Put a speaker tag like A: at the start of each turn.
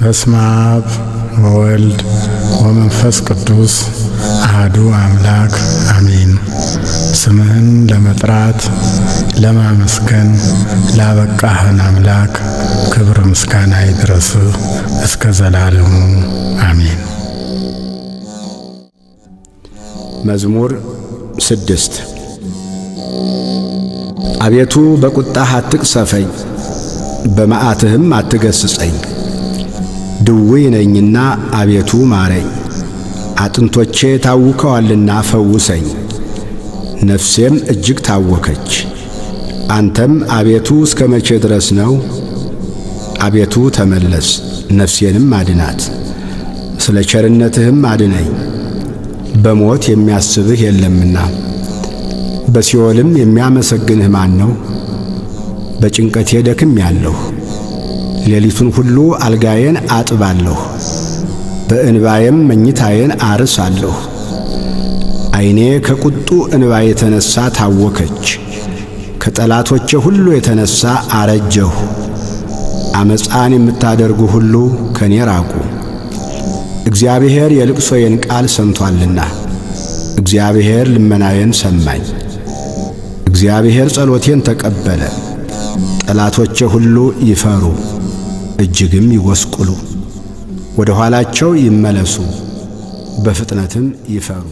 A: በስመ አብ ወወልድ ወመንፈስ ቅዱስ አህዱ አምላክ አሜን። ስምህን ለመጥራት ለማመስገን ላበቃህን አምላክ ክብር ምስጋና ይድረስህ እስከ ዘላለሙ አሜን።
B: መዝሙር ስድስት አቤቱ በቁጣህ አትቅሰፈኝ፣ በመዓትህም አትገስጸኝ ድውይ ነኝና አቤቱ ማረኝ፣ አጥንቶቼ ታውከዋልና ፈውሰኝ፣ ነፍሴም እጅግ ታወከች። አንተም አቤቱ እስከ መቼ ድረስ ነው? አቤቱ ተመለስ፣ ነፍሴንም አድናት፣ ስለ ቸርነትህም አድነኝ። በሞት የሚያስብህ የለምና በሲኦልም የሚያመሰግንህ ማን ነው? በጭንቀቴ ደክም ያለሁ ሌሊቱን ሁሉ አልጋዬን አጥባለሁ፣ በእንባዬም መኝታዬን አርሳለሁ። ዓይኔ ከቁጡ እንባ የተነሣ ታወከች፣ ከጠላቶቼ ሁሉ የተነሣ አረጀሁ። አመፃን የምታደርጉ ሁሉ ከኔ ራቁ፣ እግዚአብሔር የልቅሶዬን ቃል ሰምቶአልና። እግዚአብሔር ልመናዬን ሰማኝ፣ እግዚአብሔር ጸሎቴን ተቀበለ። ጠላቶቼ ሁሉ ይፈሩ። እጅግም ይጐስቁሉ፣ ወደ ኋላቸው ይመለሱ፣ በፍጥነትም ይፈሩ።